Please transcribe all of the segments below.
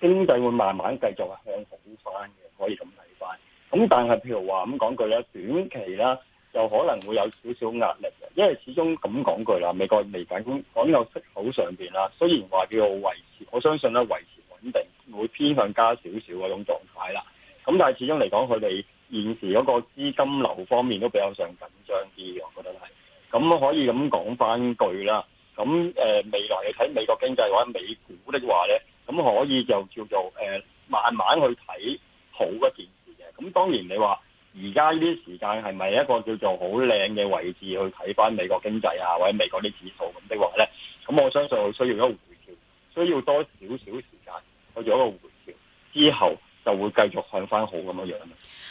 經濟會慢慢繼續向好翻嘅，可以咁睇翻。咁但係譬如話咁講句咧，短期啦又可能會有少少壓力嘅，因為始終咁講句啦，美國未反講講究息口上邊啦。雖然話叫做維持，我相信咧維持穩定會偏向加少少嗰種狀態啦。咁但係始終嚟講，佢哋現時嗰個資金流方面都比較上緊張啲，我覺得係。咁可以咁講翻句啦。咁誒未來你睇美國經濟或者美股的話咧？咁可以就叫做、呃、慢慢去睇好嘅一件事嘅。咁當然你話而家呢啲時間係咪一個叫做好靚嘅位置去睇翻美國經濟啊，或者美國啲指數咁的話咧？咁我相信佢需要一個回調，需要多少少時間去做一個回調之後，就會繼續向翻好咁樣樣。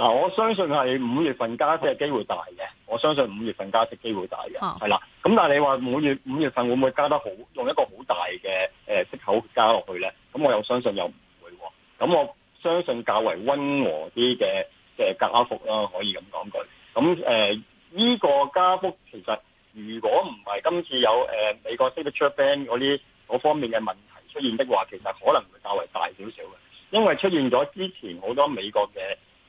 嗱，我相信係五月份加息嘅機會大嘅，我相信五月份加息機會大嘅，係啦。咁、哦、但係你話五月五月份會唔會加得好，用一個好大嘅誒息口加落去咧？咁我又相信又唔會。咁我相信較為溫和啲嘅嘅加幅啦，可以咁講句。咁誒，依、呃這個加幅其實如果唔係今次有誒、呃、美國 Federal Reserve 嗰啲嗰方面嘅問題出現的話，其實可能會較為大少少嘅，因為出現咗之前好多美國嘅。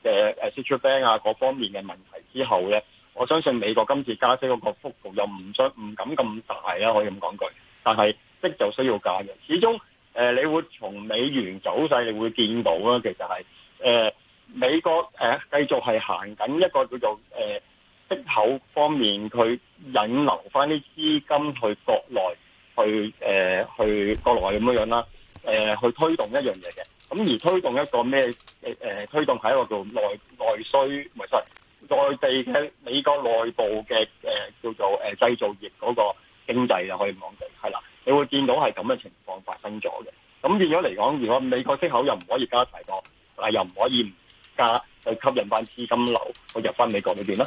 嘅誒息 band 啊，各、啊啊啊、方面嘅問題之後呢，我相信美國今次加息嗰個幅度又唔想唔敢咁大啦、啊，可以咁講句。但係息就需要加嘅，始終誒、呃，你會從美元走勢你會見到啦、啊。其實係誒、呃、美國誒、呃、繼續係行緊一個叫做誒、呃、息口方面，佢引流翻啲資金去國內去誒、呃、去國內咁樣樣啦。誒去推動一樣嘢嘅，咁而推動一個咩誒、誒推動係一個叫內內需，唔係內地嘅，美國內部嘅誒叫做誒製造業嗰個經濟啦，可以講就係啦，你會見到係咁嘅情況發生咗嘅。咁變咗嚟講，如果美國息口又唔可以加齊個，但係又唔可以唔加，就吸引翻資金流去入翻美國呢邊啦。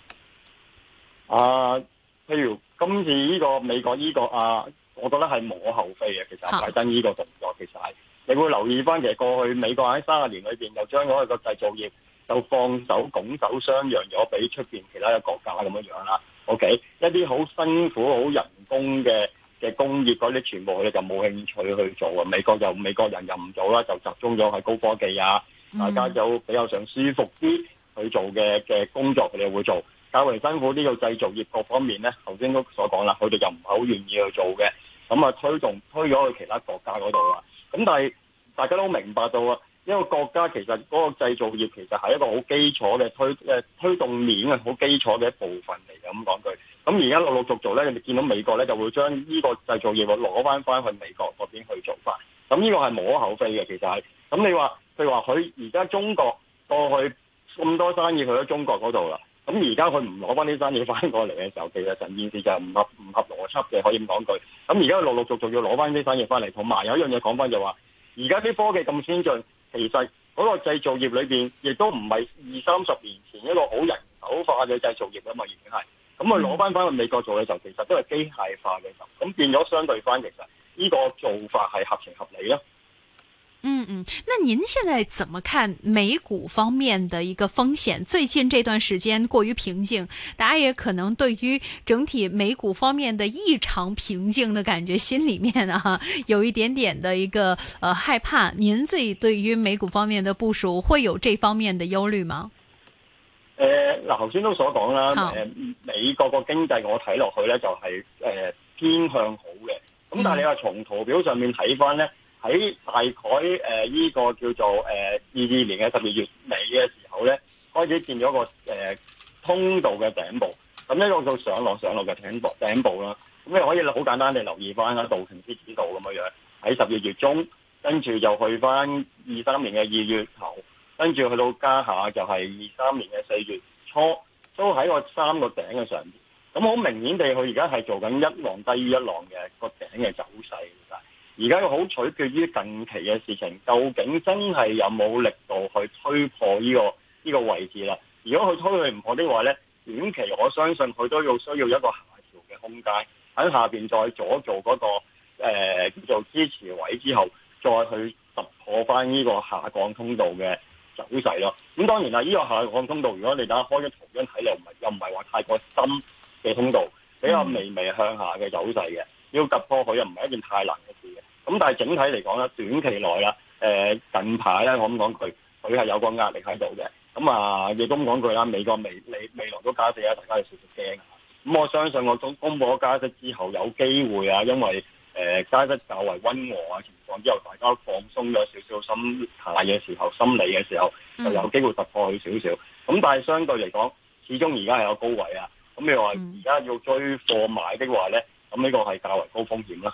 啊，譬如今次呢個美國呢個啊，我覺得係無可厚非嘅。其實拜登呢個動作，其實係你會留意翻，其實過去美國喺三十年裏邊，就將我哋嘅製造業就放手拱手相讓咗俾出邊其他嘅國家咁樣樣啦。OK，一啲好辛苦好人工嘅嘅工業嗰啲，全部佢就冇興趣去做啊。美國就美國人又唔做啦，就集中咗喺高科技啊，大家就比較想舒服啲去做嘅嘅工作，佢哋會做。較為辛苦呢個製造業各方面呢，頭先都所講啦，佢哋又唔係好願意去做嘅。咁啊，推動推咗去其他國家嗰度啊。咁但係大家都明白到啊，一個國家其實嗰個製造業其實係一個好基礎嘅推誒推動鏈啊，好基礎嘅一部分嚟嘅。咁講句，咁而家陸陸續續呢，你見到美國呢，就會將呢個製造業攞翻翻去美國嗰邊去做翻。咁呢個係無可厚非嘅，其實係。咁你話譬如話佢而家中國過去咁多生意去咗中國嗰度啦。咁而家佢唔攞翻啲生意翻過嚟嘅時候，其實成件事就唔合唔合邏輯嘅，可以咁講句。咁而家陸陸續續要攞翻啲生意翻嚟，同埋有一樣嘢講翻就話，而家啲科技咁先進，其實嗰個製造業裏邊亦都唔係二三十年前一個好人手化嘅製造業嘅嘛，已經係咁啊，攞翻翻去美國做嘅時候，其實都係機械化嘅時候。咁變咗相對翻，其實呢個做法係合情合理咯。嗯嗯，那您現在怎麼看美股方面的一個風險？最近這段時間過於平靜，大家也可能對於整體美股方面的異常平靜的感覺，心裏面啊有一點點的一個呃害怕。您自己對於美股方面的部署會有這方面的憂慮嗎？誒、呃，嗱、呃，頭先都所講啦，誒、呃，美國個經濟我睇落去咧就係、是、誒、呃、偏向好嘅，咁但係你話從圖表上面睇翻咧。嗯嗯喺大概誒依、呃這個叫做誒二二年嘅十二月尾嘅時候咧，開始見咗個誒、呃、通道嘅頂部，咁呢個就上落上落嘅頂部頂部啦。咁、嗯、你可以好簡單地留意翻道瓊斯指數咁樣樣喺十二月中，跟住又去翻二三年嘅二月頭，跟住去到家下就係二三年嘅四月初，都喺個三個頂嘅上面。咁、嗯、好明顯地，佢而家係做緊一浪低於一浪嘅個頂嘅走勢。而家好取決於近期嘅事情，究竟真係有冇力度去推破呢、呢個呢、呢個位置啦？如果佢推去唔破的話咧，短期我相信佢都要需要一個下調嘅空間，喺下面再阻一做嗰、嗰個、呃、叫做支持位之後，再去突破翻呢個下降通道嘅走勢咯。咁當然啦，呢、呢個下降通道，如果你等下開咗圖樣睇，又唔又唔係話太過深嘅通道，比較微微向下嘅走勢嘅、嗯，要突破佢又唔係一件太難嘅。咁但係整體嚟講咧，短期內啦，誒近排咧，我咁講佢，佢係有個壓力喺度嘅。咁啊，亦都講句啦，美國未未未來都加息啊，大家有少少驚。咁我相信我都公布咗加息之後，有機會啊，因為誒加息較為溫和啊情況之後，大家放鬆咗少少心態嘅時候、心理嘅時候，就有機會突破去少少。咁但係相對嚟講，始終而家係有高位啊。咁你話而家要追貨買的話咧，咁呢個係較為高風險啦。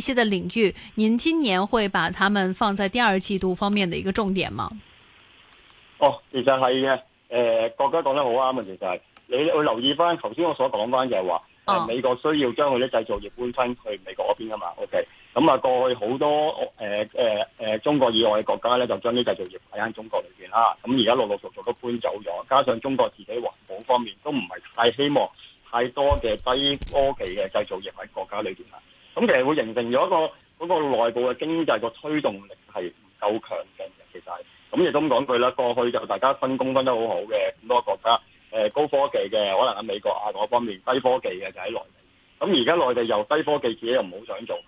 相關的領域，您今年會把它們放在第二季度方面的一個重點嗎？哦，其實係嘅。誒、呃，國家講得好啱，其實係你會留意翻頭先我所講翻就係話、哦呃，美國需要將佢啲製造業搬翻去美國嗰邊噶嘛。OK，咁啊、嗯、過去好多誒誒誒中國以外嘅國家咧，就將啲製造業擺喺中國裏邊啦。咁而家陸陸續續都搬走咗，加上中國自己環保方面都唔係太希望太多嘅低科技嘅製造業喺國家裏邊啦。咁其實會形成咗一個嗰、嗰個內部嘅經濟個推動力係唔夠強勁嘅，其實咁亦都講講句啦。過去就大家分工分得好好嘅咁多個國家，誒高科技嘅可能喺美國啊嗰方面，低科技嘅就喺內地。咁而家內地又低科技自己又唔好想做，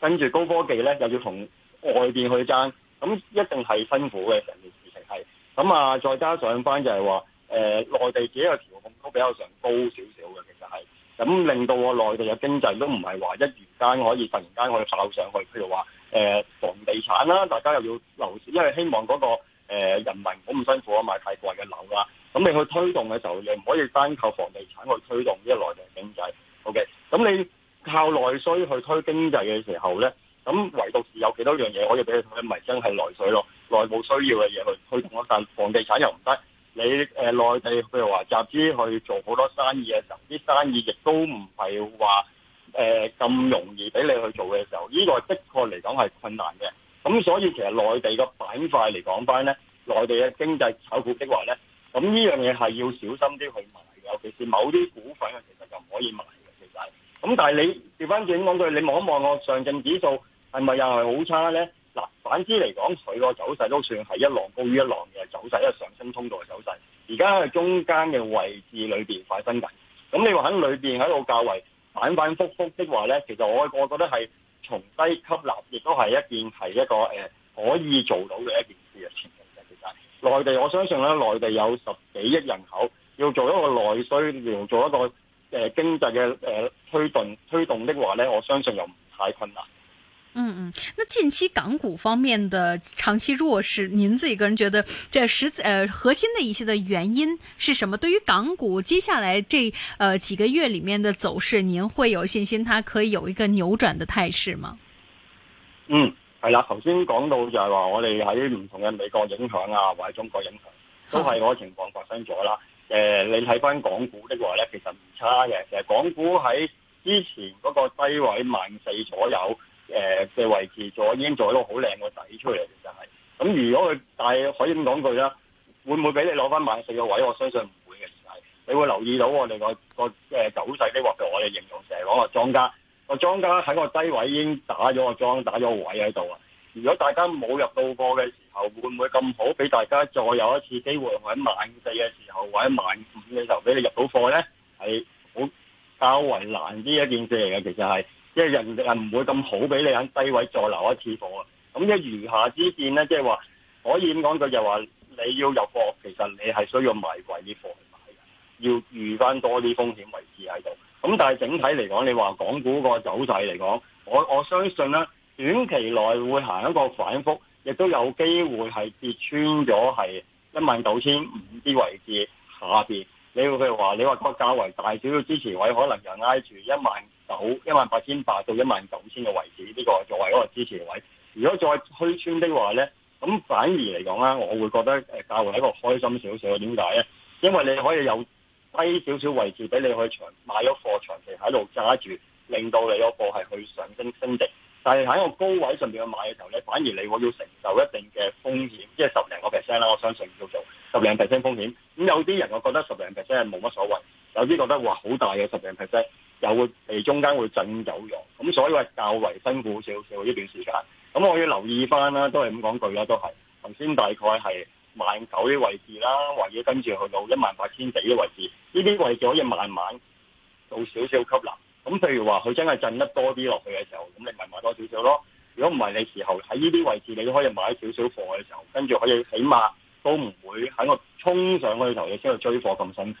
跟住高科技咧又要同外邊去爭，咁一定係辛苦嘅成件事情係。咁啊，再加上翻就係話誒內地自己嘅調控都比較上高少少嘅，其實係。咁令到我內地嘅經濟都唔係話一間可以突然間可以爆上去，譬如話、呃、房地產啦、啊，大家又要樓，因為希望嗰、那個、呃、人民好唔辛苦啊買太貴嘅樓啦、啊，咁你去推動嘅時候，你唔可以單靠房地產去推動呢個內地嘅經濟。O.K.，咁你靠內需去推經濟嘅時候咧，咁唯獨有幾多樣嘢可以俾佢推，咪真係內需咯，內部需要嘅嘢去推動，但房地產又唔得。你誒、呃、內地譬如話集資去做好多生意嘅時候，啲生意亦都唔係話誒咁容易俾你去做嘅時候，呢、呢個的確嚟講係困難嘅。咁所以其實內地嘅板塊嚟講翻咧，內地嘅經濟炒股的話咧，咁呢樣嘢係要小心啲去買，尤其是某啲股份啊，其實就唔可以買嘅其實。咁但係你調翻轉講句，你望一望我上證指數係咪又係好差咧？嗱，反之嚟講，佢個走勢都算係一浪高於一浪。走勢係上升通道嘅走勢，而家喺中間嘅位置裏邊發生緊。咁你話喺裏邊喺度較為反反覆覆的話咧，其實我我覺得係從低吸納，亦都係一件係一個誒、呃、可以做到嘅一件事嘅前提嘅。其實內地我相信咧，內地有十幾億人口，要做一個內需，要做一個誒、呃、經濟嘅誒、呃、推動推動的話咧，我相信又唔太困難。嗯嗯，那近期港股方面的長期弱勢，您自己個人覺得這實在，呃核心的一些的原因是什麼？對於港股接下來這，呃幾個月裏面的走勢，您會有信心它可以有一個扭轉的態勢嗎？嗯，係啦，頭先講到就係話我哋喺唔同嘅美國影響啊，或者中國影響，都係嗰個情況發生咗啦。誒、嗯呃，你睇翻港股的話咧，其實唔差嘅，其實港股喺之前嗰個低位萬四左右。誒、呃、嘅位置咗，已經做咗個好靚個底出嚟，其實係咁。咁如果佢但係可以咁講句啦，會唔會俾你攞翻萬四個位？我相信唔會嘅事嚟。你會留意到我哋、個、個誒、呃、走勢呢？或者我哋形容成係講話莊家個莊家喺個低位已經打咗個莊，打咗個位喺度啊！如果大家冇入到貨嘅時候，會唔會咁好俾大家再有一次機會，或者萬四嘅時候，或者萬五嘅時候俾你入到貨咧？係好較為難啲一,一件事嚟嘅，其實係。即係人哋係唔會咁好俾你喺低位再留一次貨啊！咁一餘下之見咧，即係話可以講講？佢就話你要入貨，其實你係需要買貴啲貨嚟買要預翻多啲風險位置喺度。咁但係整體嚟講，你話港股個走勢嚟講，我我相信咧，短期內會行一個反覆，亦都有機會係跌穿咗係一萬九千五啲位置下邊。你譬如話，你話個較為大少少支持位，可能又挨住一萬九一萬八千八到一萬九千嘅位置，呢、這個作為一支持的位置。如果再虛穿的話呢，咁反而嚟講咧、啊，我會覺得誒價位喺一個開心少少。點解咧？因為你可以有低少少位置俾你去長買咗貨，長期喺度揸住，令到你個貨係去上升升值。但係喺個高位上面去買嘅時候咧，反而你會要承受一定嘅風險，即、就、係、是、十零個 percent 啦。我相信叫做十零 percent 風險。咁有啲人我覺得十零 percent 係冇乜所謂，有啲覺得哇好大嘅十零 percent。又會被中間會震有用，咁所以話較為辛苦少少呢段時間。咁我要留意翻啦，都係咁講句啦，都係。頭先大概係萬九啲位置啦，或者跟住去到一萬八千幾啲位置，呢啲位置可以慢慢到少少吸納。咁譬如話佢真係震得多啲落去嘅時候，咁你咪買多少少咯。如果唔係你時候喺呢啲位置你都可以買少少貨嘅時候，跟住可以起碼都唔會喺個衝上去頭你先去追貨咁辛苦。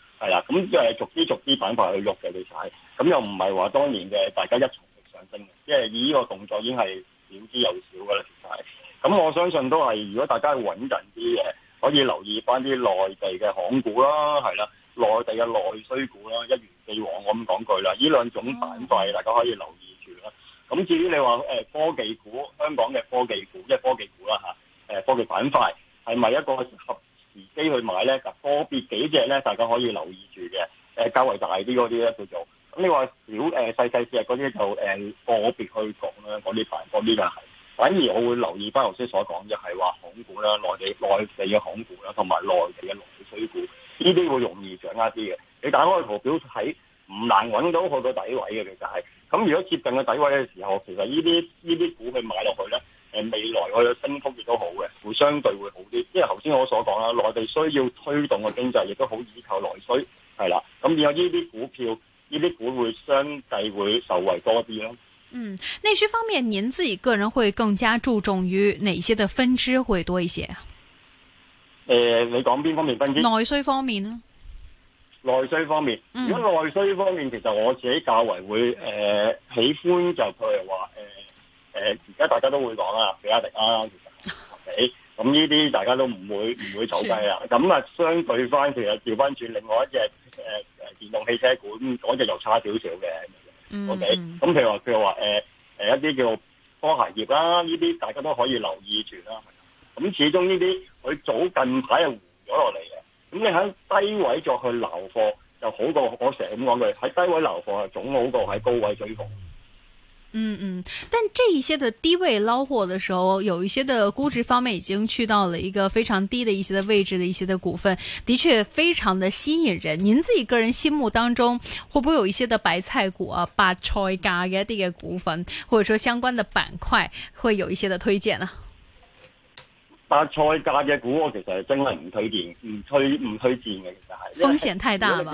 係啦，咁即係逐啲逐啲板塊去喐嘅，其實係，咁又唔係話當年嘅大家一重力上升，即係以呢個動作已經係少之又少嘅啦，其實係，咁我相信都係如果大家穩陣啲嘅，可以留意翻啲內地嘅港股啦，係啦，內地嘅內需股啦，一如既往講，我咁講句啦，呢兩種板塊大家可以留意住啦，咁至於你話誒、呃、科技股，香港嘅科技股，即係科技股啦吓，誒、呃、科技板塊係咪一個合？啲去買咧，個別幾隻咧，大家可以留意住嘅，誒、呃、較為大啲嗰啲咧叫做。咁你話小誒、呃、細細隻嗰啲就誒個、呃、別去講啦，嗰啲凡嗰啲就係、是。反而我會留意翻頭先所講嘅係話港股啦，內地內地嘅港股啦，同埋內地嘅農水股，呢啲會容易掌握啲嘅。你打開圖表睇，唔難揾到佢個底位嘅，其實係。咁如果接近個底位嘅時候，其實呢啲呢啲股去買落去咧。誒，未來我有升幅亦都好嘅，會相對會好啲。因為頭先我所講啦，內地需要推動嘅經濟，亦都好依靠內需，係啦。咁而有呢啲股票，呢啲股會相繼會受惠多啲咯。嗯，內需方面，您自己個人會更加注重於哪些的分支會多一些啊？誒、嗯嗯呃，你講邊方面分支？內需方面咯。內需方面，如果內需方面，其實我自己較為會誒、呃、喜歡就如，就佢係話誒。誒、呃，而家大家都會講啦，比亞迪啱啱跌，咁呢啲大家都唔會唔 會走低啊。咁啊，相對翻，其實調翻轉，另外一隻誒誒電動汽車股，嗰、那、隻、個、又差少少嘅。O K，咁譬如話，譬如話，誒、呃、誒、呃、一啲叫科鞋業業、啊、啦，呢啲大家都可以留意住啦。咁始終呢啲佢早近排係緩咗落嚟嘅，咁你喺低位再去留貨，就好過我成日咁講句，喺低位留貨係總好過喺高位追貨。嗯嗯，但這一些的低位撈貨的時候，有一些的估值方面已經去到了一個非常低的一些的位置的一些的股份，的確非常的吸引人。您自己個人心目當中，會不會有一些的白菜股啊，白菜價嘅一啲嘅股份，或者說相關的板塊，會有一些的推薦呢、啊？白菜價嘅股，我其實係真係唔推薦，唔推唔推薦嘅，的其實係風險太大啦，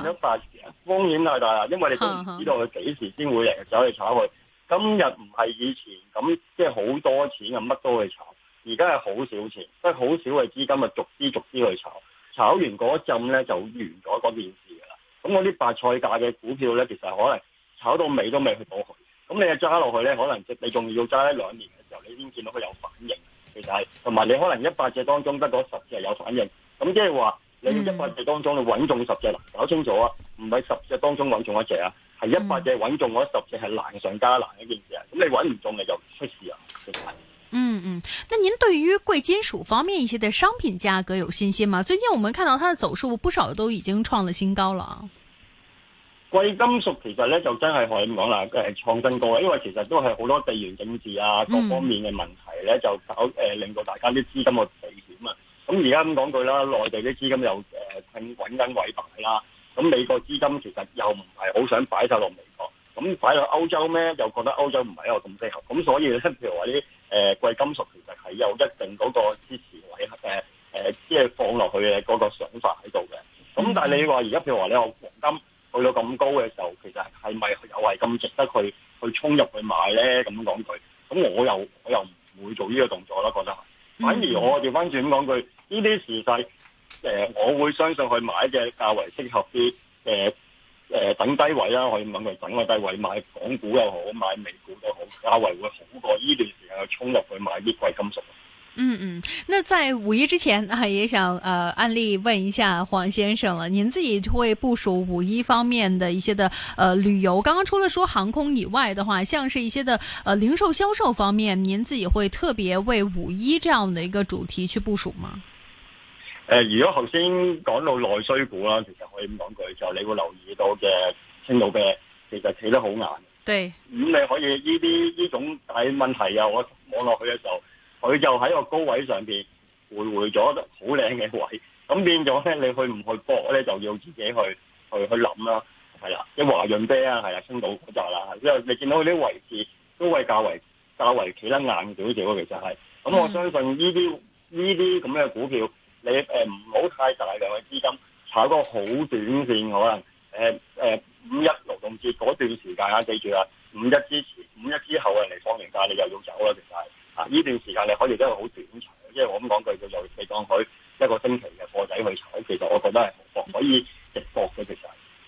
風險太大啦，因為你唔知道佢幾時先 會嚟走去炒佢。今日唔係以前咁，即係好多錢啊，乜都去炒。而家係好少錢，即係好少嘅資金啊，逐啲逐啲去炒。炒完嗰陣咧就完咗嗰件事噶啦。咁嗰啲白菜價嘅股票咧，其實可能炒到尾都未去到佢。咁你就揸落去咧，可能即你仲要揸一兩年嘅時候，你先見到佢有反應。其實係同埋你可能一百隻當中得嗰十隻有反應。咁即係話你一百隻當中你揾中十隻啦，搞清楚啊，唔係十隻當中揾中一隻啊。係一百隻穩中，我十隻係難上加難嘅一件事。咁你穩唔中，你就出事啊！咁嗯嗯，那您對於貴金屬方面一些的商品價格有信心嗎？最近我們看到它嘅走勢不少都已經創咗新高啦。貴金屬其實咧就真係可以唔講啦，誒，創新高，因為其實都係好多地緣政治啊，各方面嘅問題咧、嗯，就搞誒、呃、令到大家啲資金個避險啊。咁而家咁講句啦，內地啲資金又誒困滾跟尾大啦。呃咁美國資金其實又唔係好想擺晒落美國，咁擺落歐洲咩？又覺得歐洲唔係一個咁適合，咁所以呢譬如話啲誒貴金屬其實係有一定嗰個支持位誒誒，即、呃、係放落去嘅嗰個想法喺度嘅。咁但係你話而家譬如話你有黃金去到咁高嘅時候，其實係咪又係咁值得去去衝入去買咧？咁講句，咁我又我又唔會做呢個動作啦，覺得反而我調翻轉講句，呢啲時勢。呃、我會相信去買嘅較為適合啲誒誒等低位啦，啊，可以問佢等個低位買港股又好，買美股都好，價位會好過呢段時間去衝入去買啲貴金屬。嗯嗯，那在五一之前啊，也想，呃、案例問一下黃先生了，您自己會部署五一方面的一些的，呃、旅遊？剛剛除了說航空以外的話，像是一些的，呃、零售銷售方面，您自己會特別為五一這樣的一個主題去部署嗎？誒、呃，如果頭先講到內需股啦、啊，其實可以咁講句，就你會留意到嘅青島啤其實企得好硬。對，咁、嗯、你可以呢啲呢種，大問題、啊、我望落去嘅時候，佢就喺個高位上邊回回咗好靚嘅位，咁變咗咧，你去唔去搏咧，就要自己去去去諗啦。係啦，即華潤啤啊，係啊，青島就係啦，因為你見到佢啲位置都位較為較為企得硬少少其實係。咁我相信呢啲呢啲咁嘅股票。你誒唔好太大量嘅資金炒個好短線，可能誒誒五一勞動節嗰段時間啊，記住啊，五一之前、五一之後嚟放年假，你又要走啦，其實啊，呢段時間你可以真係好短長，即係我咁講句，佢又你當佢一個星期嘅貨仔去炒，其實我覺得係可可以直搏嘅，其實。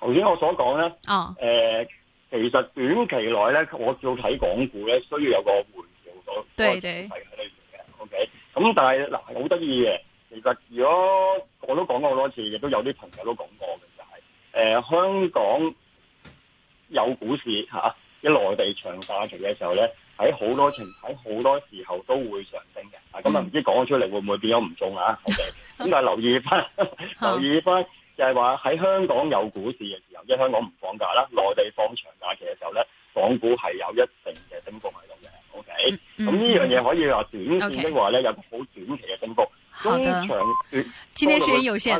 頭先我所講咧，誒、oh. 呃，其實短期內咧，我叫睇港股咧，需要有個回調咗，係喺裏邊嘅。OK，咁、嗯、但係嗱，好得意嘅，其實如果我都講過好多次，亦都有啲朋友都講過嘅就係，誒、呃，香港有股市吓，一、啊、內地長假期嘅時候咧，喺好多情喺好多時候都會上升嘅。啊，咁啊唔知講咗出嚟會唔會變咗唔中啊？OK，咁但係留意翻，oh. 留意翻。就係話喺香港有股市嘅時候，即係香港唔放假啦，內地放長假期嘅時候咧，港股係有一定嘅升幅喺度嘅。OK，咁、嗯、呢、嗯、樣嘢可以話短線的話咧，okay. 有好短期嘅升幅，咁長。今天時間有限。